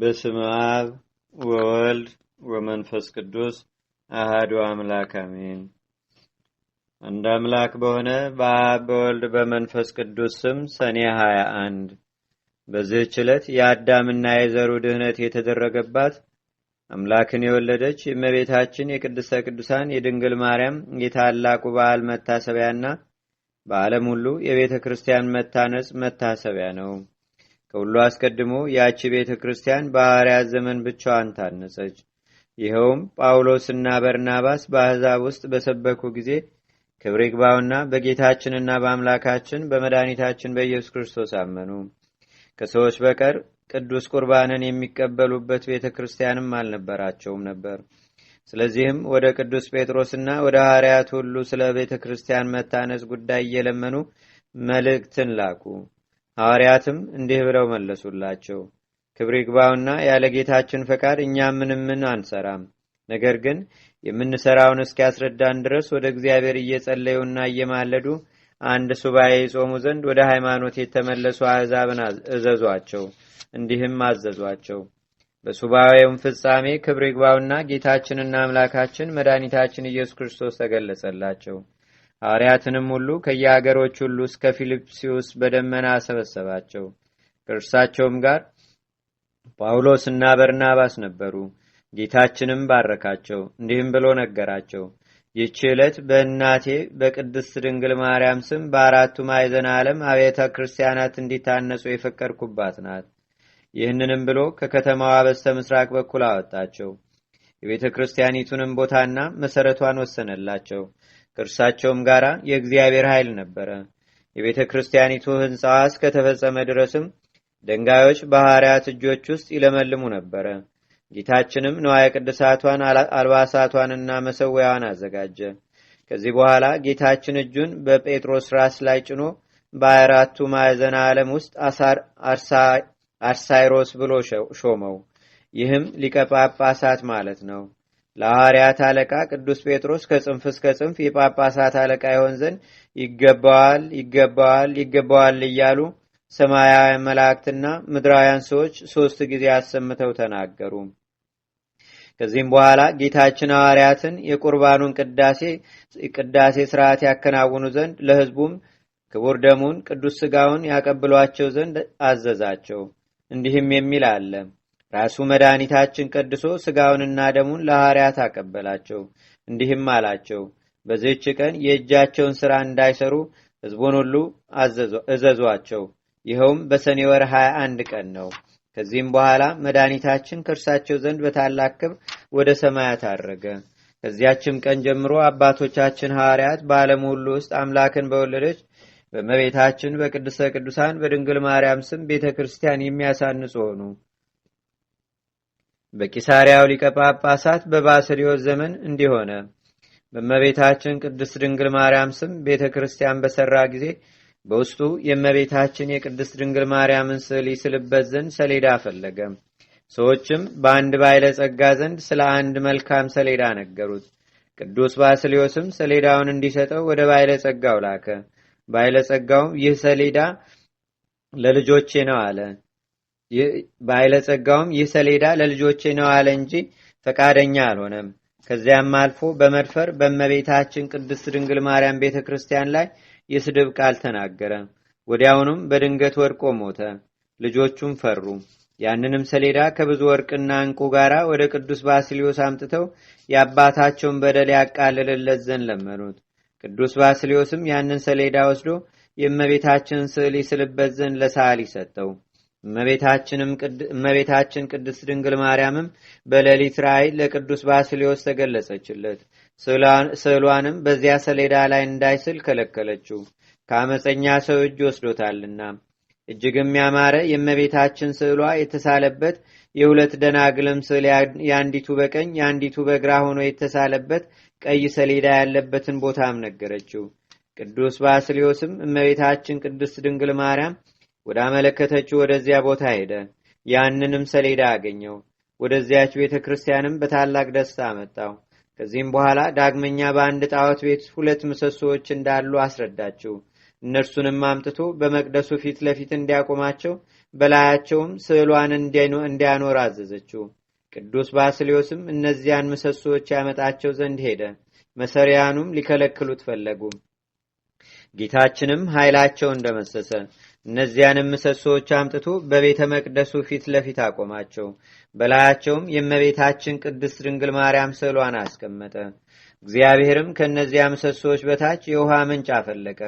በስም አብ ወወልድ ወመንፈስ ቅዱስ አህዱ አምላክ አሜን። አንድ አምላክ በሆነ በአብ በወልድ በመንፈስ ቅዱስ ስም ሰኔ 21 በዚህች ዕለት የአዳምና የዘሩ ድህነት የተደረገባት አምላክን የወለደች እመቤታችን የቅድስተ ቅዱሳን የድንግል ማርያም የታላቁ በዓል መታሰቢያና በዓለም ሁሉ የቤተ ክርስቲያን መታነጽ መታሰቢያ ነው። ከሁሉ አስቀድሞ ያቺ ቤተ ክርስቲያን በሐዋርያት ዘመን ብቻዋን ታነጸች። ይኸውም ጳውሎስና በርናባስ በአሕዛብ ውስጥ በሰበኩ ጊዜ ክብር ይግባውና በጌታችንና በአምላካችን በመድኃኒታችን በኢየሱስ ክርስቶስ አመኑ። ከሰዎች በቀር ቅዱስ ቁርባንን የሚቀበሉበት ቤተ ክርስቲያንም አልነበራቸውም ነበር። ስለዚህም ወደ ቅዱስ ጴጥሮስና ወደ ሐዋርያት ሁሉ ስለ ቤተ ክርስቲያን መታነጽ ጉዳይ እየለመኑ መልእክትን ላኩ። ሐዋርያትም እንዲህ ብለው መለሱላቸው፣ ክብር ይግባውና ያለ ጌታችን ፈቃድ እኛ ምንም ምን አንሰራም። ነገር ግን የምንሰራውን እስኪያስረዳን ድረስ ወደ እግዚአብሔር እየጸለዩና እየማለዱ አንድ ሱባኤ ይጾሙ ዘንድ ወደ ሃይማኖት የተመለሱ አሕዛብን እዘዟቸው። እንዲህም አዘዟቸው። በሱባኤውም ፍጻሜ ክብር ይግባውና ጌታችንና አምላካችን መድኃኒታችን ኢየሱስ ክርስቶስ ተገለጸላቸው። ሐዋርያትንም ሁሉ ከየአገሮች ሁሉ እስከ ፊልጵስዩስ በደመና አሰበሰባቸው። ከእርሳቸውም ጋር ጳውሎስና በርናባስ ነበሩ። ጌታችንም ባረካቸው፣ እንዲህም ብሎ ነገራቸው። ይህች ዕለት በእናቴ በቅድስት ድንግል ማርያም ስም በአራቱ ማዕዘን ዓለም አብያተ ክርስቲያናት እንዲታነጹ የፈቀድኩባት ናት። ይህንንም ብሎ ከከተማዋ በስተ ምስራቅ በኩል አወጣቸው። የቤተ ክርስቲያኒቱንም ቦታና መሰረቷን ወሰነላቸው። ከእርሳቸውም ጋር የእግዚአብሔር ኃይል ነበረ። የቤተ ክርስቲያኒቱ ህንፃ እስከተፈጸመ ድረስም ደንጋዮች በሐዋርያት እጆች ውስጥ ይለመልሙ ነበረ። ጌታችንም ነዋየ ቅድሳቷን አልባሳቷንና መሰዊያዋን አዘጋጀ። ከዚህ በኋላ ጌታችን እጁን በጴጥሮስ ራስ ላይ ጭኖ በአራቱ ማዕዘና ዓለም ውስጥ አርሳይሮስ ብሎ ሾመው። ይህም ሊቀጳጳሳት ማለት ነው። ለሐዋርያት አለቃ ቅዱስ ጴጥሮስ ከጽንፍ እስከ ጽንፍ የጳጳሳት አለቃ ይሆን ዘንድ ይገባዋል፣ ይገባዋል፣ ይገባዋል እያሉ ሰማያውያን መላእክትና ምድራውያን ሰዎች ሦስት ጊዜ አሰምተው ተናገሩ። ከዚህም በኋላ ጌታችን ሐዋርያትን የቁርባኑን ቅዳሴ ስርዓት ያከናውኑ ዘንድ ለሕዝቡም ክቡር ደሙን ቅዱስ ሥጋውን ያቀብሏቸው ዘንድ አዘዛቸው። እንዲህም የሚል አለ ራሱ መድኃኒታችን ቀድሶ ስጋውንና ደሙን ለሐርያት አቀበላቸው። እንዲህም አላቸው፣ በዚህች ቀን የእጃቸውን ሥራ እንዳይሰሩ ሕዝቡን ሁሉ እዘዟቸው። ይኸውም በሰኔ ወር 21 ቀን ነው። ከዚህም በኋላ መድኃኒታችን ከእርሳቸው ዘንድ በታላቅ ክብር ወደ ሰማያት አድረገ ከዚያችም ቀን ጀምሮ አባቶቻችን ሐዋርያት በዓለም ሁሉ ውስጥ አምላክን በወለደች በመቤታችን በቅድስተ ቅዱሳን በድንግል ማርያም ስም ቤተ ክርስቲያን የሚያሳንጹ ሆኑ። በቂሳሪያው ሊቀ ጳጳሳት በባስልዮስ ዘመን እንዲሆነ በእመቤታችን ቅድስት ድንግል ማርያም ስም ቤተ ክርስቲያን በሠራ ጊዜ በውስጡ የእመቤታችን የቅድስት ድንግል ማርያምን ስዕል ይስልበት ዘንድ ሰሌዳ ፈለገ። ሰዎችም በአንድ ጸጋ ዘንድ ስለ አንድ መልካም ሰሌዳ ነገሩት። ቅዱስ ባስልዮስም ሰሌዳውን እንዲሰጠው ወደ ጸጋው ላከ። ጸጋውም ይህ ሰሌዳ ለልጆቼ ነው አለ። ባይለጸጋውም ይህ ሰሌዳ ለልጆቼ ነው አለ እንጂ ፈቃደኛ አልሆነም። ከዚያም አልፎ በመድፈር በእመቤታችን ቅድስት ድንግል ማርያም ቤተ ክርስቲያን ላይ የስድብ ቃል ተናገረ። ወዲያውኑም በድንገት ወድቆ ሞተ። ልጆቹም ፈሩ። ያንንም ሰሌዳ ከብዙ ወርቅና እንቁ ጋር ወደ ቅዱስ ባስልዮስ አምጥተው የአባታቸውን በደል ያቃልልለት ዘንድ ለመኑት። ቅዱስ ባስልዮስም ያንን ሰሌዳ ወስዶ የእመቤታችንን ስዕል ይስልበት ዘንድ ለሳል ይሰጠው እመቤታችን ቅድስት ድንግል ማርያምም በሌሊት ራእይ ለቅዱስ ባስሌዎስ ተገለጸችለት። ስዕሏንም በዚያ ሰሌዳ ላይ እንዳይስል ከለከለችው፣ ከአመፀኛ ሰው እጅ ወስዶታልና። እጅግም ያማረ የእመቤታችን ስዕሏ የተሳለበት የሁለት ደናግልም ስዕል የአንዲቱ በቀኝ የአንዲቱ በግራ ሆኖ የተሳለበት ቀይ ሰሌዳ ያለበትን ቦታም ነገረችው። ቅዱስ ባስሌዎስም እመቤታችን ቅድስት ድንግል ማርያም አመለከተችው ወደዚያ ቦታ ሄደ። ያንንም ሰሌዳ አገኘው። ወደዚያች ቤተ ክርስቲያንም በታላቅ ደስታ አመጣው። ከዚህም በኋላ ዳግመኛ በአንድ ጣዖት ቤት ሁለት ምሰሶዎች እንዳሉ አስረዳችው። እነርሱንም አምጥቶ በመቅደሱ ፊት ለፊት እንዲያቆማቸው በላያቸውም ስዕሏን እንዲያኖር አዘዘችው። ቅዱስ ባስሌዎስም እነዚያን ምሰሶዎች ያመጣቸው ዘንድ ሄደ። መሰሪያኑም ሊከለክሉት ፈለጉ። ጌታችንም ኃይላቸው እንደመሰሰ እነዚያንም ምሰሶዎች አምጥቶ በቤተ መቅደሱ ፊት ለፊት አቆማቸው። በላያቸውም የእመቤታችን ቅድስት ድንግል ማርያም ስዕሏን አስቀመጠ። እግዚአብሔርም ከእነዚያ ምሰሶዎች በታች የውሃ ምንጭ አፈለቀ።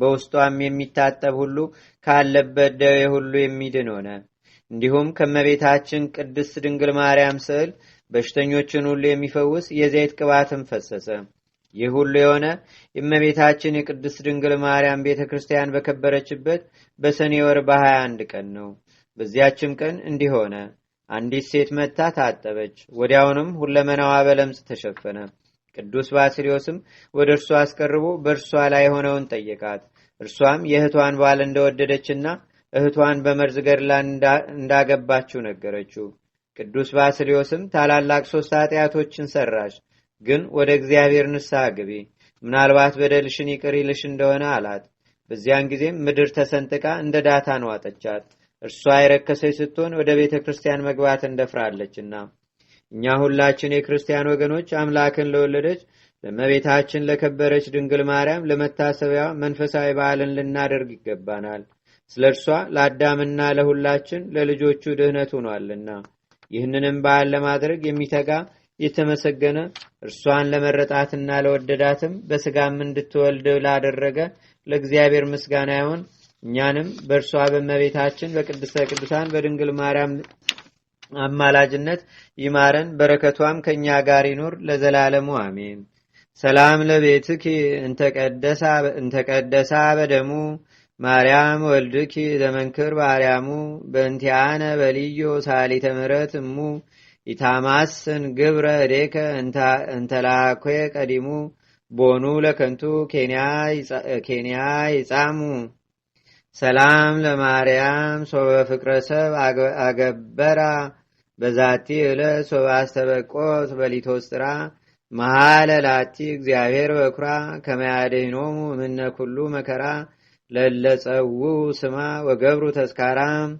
በውስጧም የሚታጠብ ሁሉ ካለበት ደዌ ሁሉ የሚድን ሆነ። እንዲሁም ከእመቤታችን ቅድስት ድንግል ማርያም ስዕል በሽተኞችን ሁሉ የሚፈውስ የዘይት ቅባትም ፈሰሰ። ይህ ሁሉ የሆነ የእመቤታችን የቅድስት ድንግል ማርያም ቤተ ክርስቲያን በከበረችበት በሰኔ ወር በ21 ቀን ነው። በዚያችም ቀን እንዲህ ሆነ። አንዲት ሴት መታ ታጠበች። ወዲያውንም ሁለመናዋ በለምጽ ተሸፈነ። ቅዱስ ባስልዮስም ወደ እርሱ አስቀርቦ በእርሷ ላይ የሆነውን ጠየቃት። እርሷም የእህቷን ባል እንደወደደችና እህቷን በመርዝ ገድላ እንዳገባችው ነገረችው። ቅዱስ ባስልዮስም ታላላቅ ሶስት ኃጢአቶችን ሰራች። ግን ወደ እግዚአብሔር ንስሐ ግቢ፣ ምናልባት በደልሽን ይቅር ይልሽ እንደሆነ አላት። በዚያን ጊዜም ምድር ተሰንጥቃ እንደ ዳታን ዋጠቻት። እርሷ የረከሰች ስትሆን ወደ ቤተ ክርስቲያን መግባት እንደፍራለችና እኛ ሁላችን የክርስቲያን ወገኖች አምላክን ለወለደች ለመቤታችን ለከበረች ድንግል ማርያም ለመታሰቢያ መንፈሳዊ በዓልን ልናደርግ ይገባናል። ስለ እርሷ ለአዳምና ለሁላችን ለልጆቹ ድህነት ሆኗልና ይህንንም በዓል ለማድረግ የሚተጋ የተመሰገነ እርሷን ለመረጣትና ለወደዳትም በስጋም እንድትወልድ ላደረገ ለእግዚአብሔር ምስጋና ይሆን እኛንም በእርሷ በመቤታችን በቅድስተ ቅዱሳን በድንግል ማርያም አማላጅነት ይማረን በረከቷም ከእኛ ጋር ይኑር ለዘላለሙ አሜን ሰላም ለቤትኪ እንተቀደሳ በደሙ ማርያም ወልድኪ ዘመንክር ባርያሙ በእንቲያነ በልዮ ሳሊተ ምረት እሙ ኢታማስን ግብረ ዴከ እንተላኮ ቀዲሙ ቦኑ ለከንቱ ኬንያ ይጻሙ ሰላም ለማርያም ሶበ ፍቅረ ሰብ አገበራ በዛቲ ዕለት ሶበ አስተበቆት በሊቶስጥራ መሃለ ላቲ እግዚአብሔር በኩራ ከመያደኖሙ ምነ ኩሉ መከራ ለለጸው ስማ ወገብሩ ተስካራም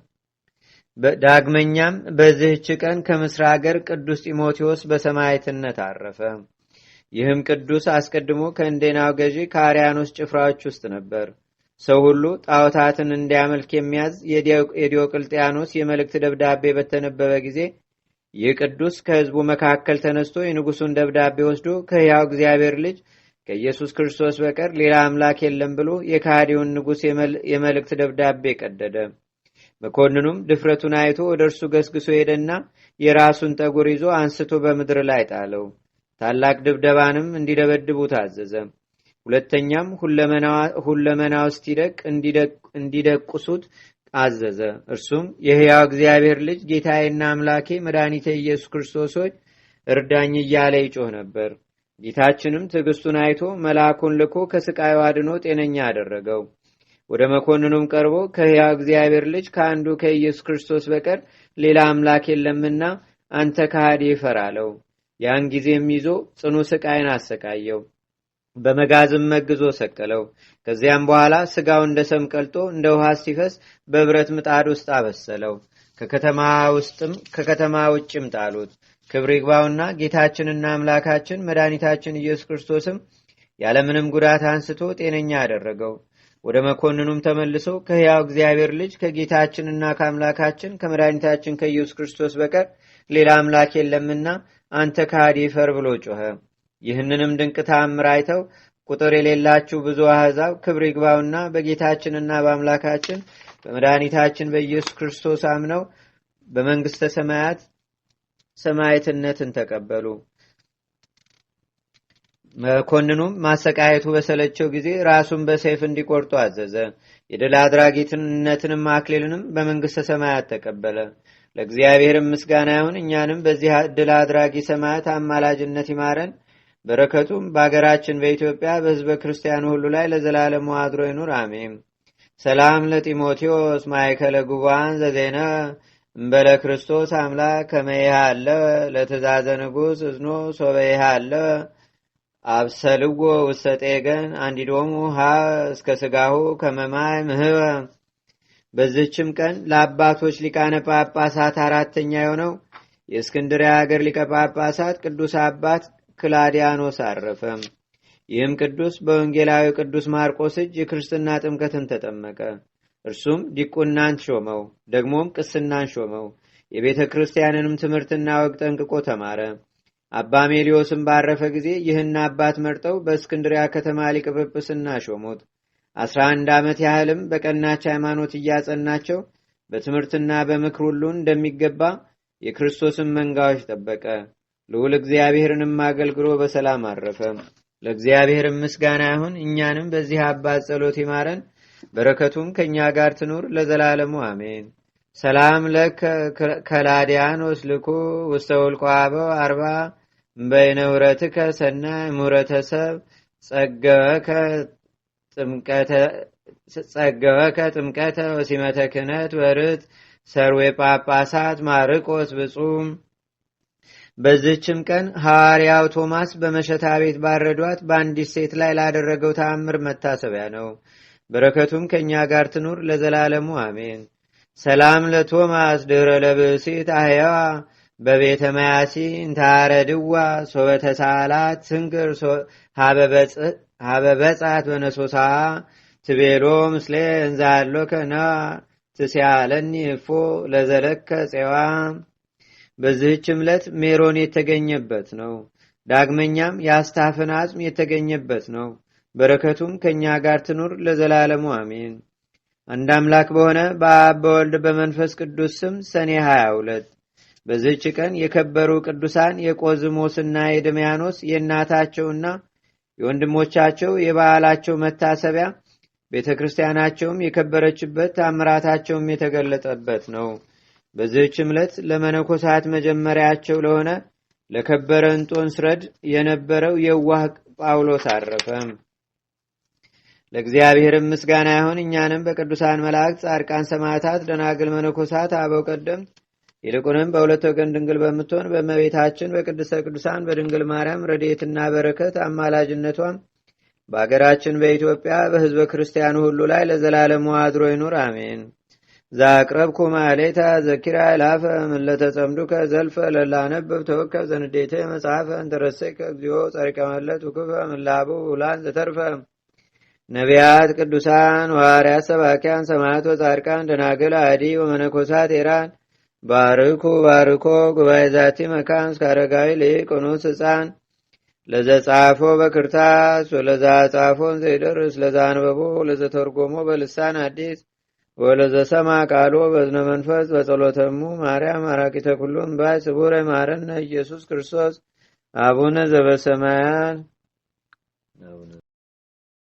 ዳግመኛም በዚህች ቀን ከምስር አገር ቅዱስ ጢሞቴዎስ በሰማይትነት አረፈ። ይህም ቅዱስ አስቀድሞ ከእንዴናው ገዢ ከአርያኖስ ጭፍራዎች ውስጥ ነበር። ሰው ሁሉ ጣዖታትን እንዲያመልክ የሚያዝ የዲዮቅልጥያኖስ የመልእክት ደብዳቤ በተነበበ ጊዜ ይህ ቅዱስ ከሕዝቡ መካከል ተነስቶ የንጉሱን ደብዳቤ ወስዶ ከሕያው እግዚአብሔር ልጅ ከኢየሱስ ክርስቶስ በቀር ሌላ አምላክ የለም ብሎ የካዲውን ንጉሥ የመልእክት ደብዳቤ ቀደደ። መኮንኑም ድፍረቱን አይቶ ወደ እርሱ ገስግሶ ሄደና የራሱን ጠጉር ይዞ አንስቶ በምድር ላይ ጣለው። ታላቅ ድብደባንም እንዲደበድቡ ታዘዘ። ሁለተኛም ሁለመና ይደቅ እንዲደቁሱት አዘዘ። እርሱም የሕያው እግዚአብሔር ልጅ ጌታዬና አምላኬ መድኃኒቴ ኢየሱስ ክርስቶስ ሆይ እርዳኝ እያለ ይጮህ ነበር። ጌታችንም ትዕግስቱን አይቶ መልአኩን ልኮ ከስቃዩ አድኖ ጤነኛ አደረገው። ወደ መኮንኑም ቀርቦ ከሕያው እግዚአብሔር ልጅ ከአንዱ ከኢየሱስ ክርስቶስ በቀር ሌላ አምላክ የለምና አንተ ከሃዲ ይፈራለው። ያን ጊዜም ይዞ ጽኑ ስቃይን አሰቃየው። በመጋዝም መግዞ ሰቀለው። ከዚያም በኋላ ስጋው እንደ ሰም ቀልጦ እንደ ውሃ ሲፈስ በብረት ምጣድ ውስጥ አበሰለው። ከከተማ ውጭም ጣሉት። ክብር ይግባውና ጌታችንና አምላካችን መድኃኒታችን ኢየሱስ ክርስቶስም ያለምንም ጉዳት አንስቶ ጤነኛ አደረገው። ወደ መኮንኑም ተመልሶ ከሕያው እግዚአብሔር ልጅ ከጌታችንና ከአምላካችን ከመድኃኒታችን ከኢየሱስ ክርስቶስ በቀር ሌላ አምላክ የለምና አንተ ከሃዲ ፈር ብሎ ጮኸ። ይህንንም ድንቅ ታምር አይተው ቁጥር የሌላችሁ ብዙ አሕዛብ ክብር ይግባውና በጌታችንና በአምላካችን በመድኃኒታችን በኢየሱስ ክርስቶስ አምነው በመንግሥተ ሰማያት ሰማዕትነትን ተቀበሉ። መኮንኑም ማሰቃየቱ በሰለቸው ጊዜ ራሱን በሰይፍ እንዲቆርጡ አዘዘ። የድል አድራጊትነትንም አክሊልንም በመንግሥተ ሰማያት ተቀበለ። ለእግዚአብሔርም ምስጋና ይሁን። እኛንም በዚህ ድል አድራጊ ሰማያት አማላጅነት ይማረን። በረከቱም በአገራችን በኢትዮጵያ በሕዝበ ክርስቲያኑ ሁሉ ላይ ለዘላለሙ አድሮ ይኑር፣ አሜም ሰላም ለጢሞቴዎስ ማይከለ ጉባን ዘዜነ እምበለ ክርስቶስ አምላክ አለ ለትእዛዘ ንጉሥ እዝኖ አለ አብሰልዎ ውሰጤ ጤገን አንዲዶሙ ሀ እስከ ስጋሁ ከመማይ ምህበ በዝችም ቀን ለአባቶች ሊቃነ ጳጳሳት አራተኛ የሆነው የእስክንድሪያ ሀገር ሊቀ ጳጳሳት ቅዱስ አባት ክላዲያኖስ አረፈ ይህም ቅዱስ በወንጌላዊ ቅዱስ ማርቆስ እጅ የክርስትና ጥምቀትን ተጠመቀ። እርሱም ዲቁናን ሾመው፣ ደግሞም ቅስናን ሾመው። የቤተ ክርስቲያንንም ትምህርትና ወግ ጠንቅቆ ተማረ። አባ ሜሊዮስም ባረፈ ጊዜ ይህን አባት መርጠው በእስክንድሪያ ከተማ ሊቀ ጵጵስና ሾሙት። አስራ አንድ ዓመት ያህልም በቀናች ሃይማኖት እያጸናቸው በትምህርትና በምክር ሁሉ እንደሚገባ የክርስቶስን መንጋዎች ጠበቀ። ልዑል እግዚአብሔርንም አገልግሎ በሰላም አረፈ። ለእግዚአብሔር ምስጋና ይሁን። እኛንም በዚህ አባት ጸሎት ይማረን፣ በረከቱም ከእኛ ጋር ትኑር ለዘላለሙ አሜን። ሰላም ለከላዲያኖስ ልኩ ውስተ ውልቆ አበው አርባ በይነውረትከ ሰናይ ሙረተሰብ ጸገበከ ጥምቀተ ወሲመተ ክህነት ወርት ሰርዌ ጳጳሳት ማርቆስ ብጹም በዝችም ቀን ሐዋርያው ቶማስ በመሸታ ቤት ባረዷት በአንዲት ሴት ላይ ላደረገው ተአምር መታሰቢያ ነው። በረከቱም ከእኛ ጋር ትኑር ለዘላለሙ አሜን። ሰላም ለቶማስ ድረ ለብሴት አህያዋ በቤተ መያሲ እንታረድዋ ሶበተ ሳላት ስንቅር ሀበበጻት በነሶሳ ትቤሎ ምስሌ እንዛሎ ከና ትስያለኒ እፎ ለዘለከ ፄዋ በዚህች እምለት ሜሮን የተገኘበት ነው። ዳግመኛም የአስታፍን አጽም የተገኘበት ነው። በረከቱም ከእኛ ጋር ትኑር ለዘላለሙ አሜን። አንድ አምላክ በሆነ በአብ በወልድ በመንፈስ ቅዱስ ስም ሰኔ 22 በዝህች ቀን የከበሩ ቅዱሳን የቆዝሞስና የድምያኖስ የእናታቸውና የወንድሞቻቸው የበዓላቸው መታሰቢያ ቤተ ክርስቲያናቸውም የከበረችበት ታምራታቸውም የተገለጠበት ነው። በዚህችም ዕለት ለመነኮሳት መጀመሪያቸው ለሆነ ለከበረ እንጦን ስረድ የነበረው የዋህ ጳውሎስ አረፈ። ለእግዚአብሔር ምስጋና ይሁን። እኛንም በቅዱሳን መላእክት፣ ጻድቃን፣ ሰማዕታት፣ ደናግል፣ መነኮሳት፣ አበው ቀደምት ይልቁንም በሁለት ወገን ድንግል በምትሆን በመቤታችን በቅድስተ ቅዱሳን በድንግል ማርያም ረድኤትና በረከት አማላጅነቷም በአገራችን በኢትዮጵያ በህዝበ ክርስቲያኑ ሁሉ ላይ ለዘላለሙ አድሮ ይኑር፣ አሜን። ዛቅረብኩ ማሌታ ዘኪራ ላፈ ምለተጸምዱከ ዘልፈ ለላነብብ ተወከብ ዘንዴተ መጽሐፈ እንተረሰከ እግዚኦ ጸሪቀ መለት ውክፈ ምላቡ ውላን ዘተርፈ ነቢያት ቅዱሳን ዋርያ ሰባኪያን ሰማያት ወጻድቃን ደናግል አዲ ወመነኮሳት ኤራን ባርኩ ባርኮ ጉባኤ ዛቲ መካን እስከ አረጋዊ ልቅ ህፃን ለዘጻፎ በክርታስ ወለዛ ጻፎን ዘይደርስ ለዛ አንበቦ ለዘተርጎሞ በልሳን አዲስ ወለዘሰማ ቃሎ በዝነ መንፈስ በጸሎተሙ ማርያም አራቂተ ኩሉም ባይ ስቡረ ማረነ ኢየሱስ ክርስቶስ አቡነ ዘበሰማያን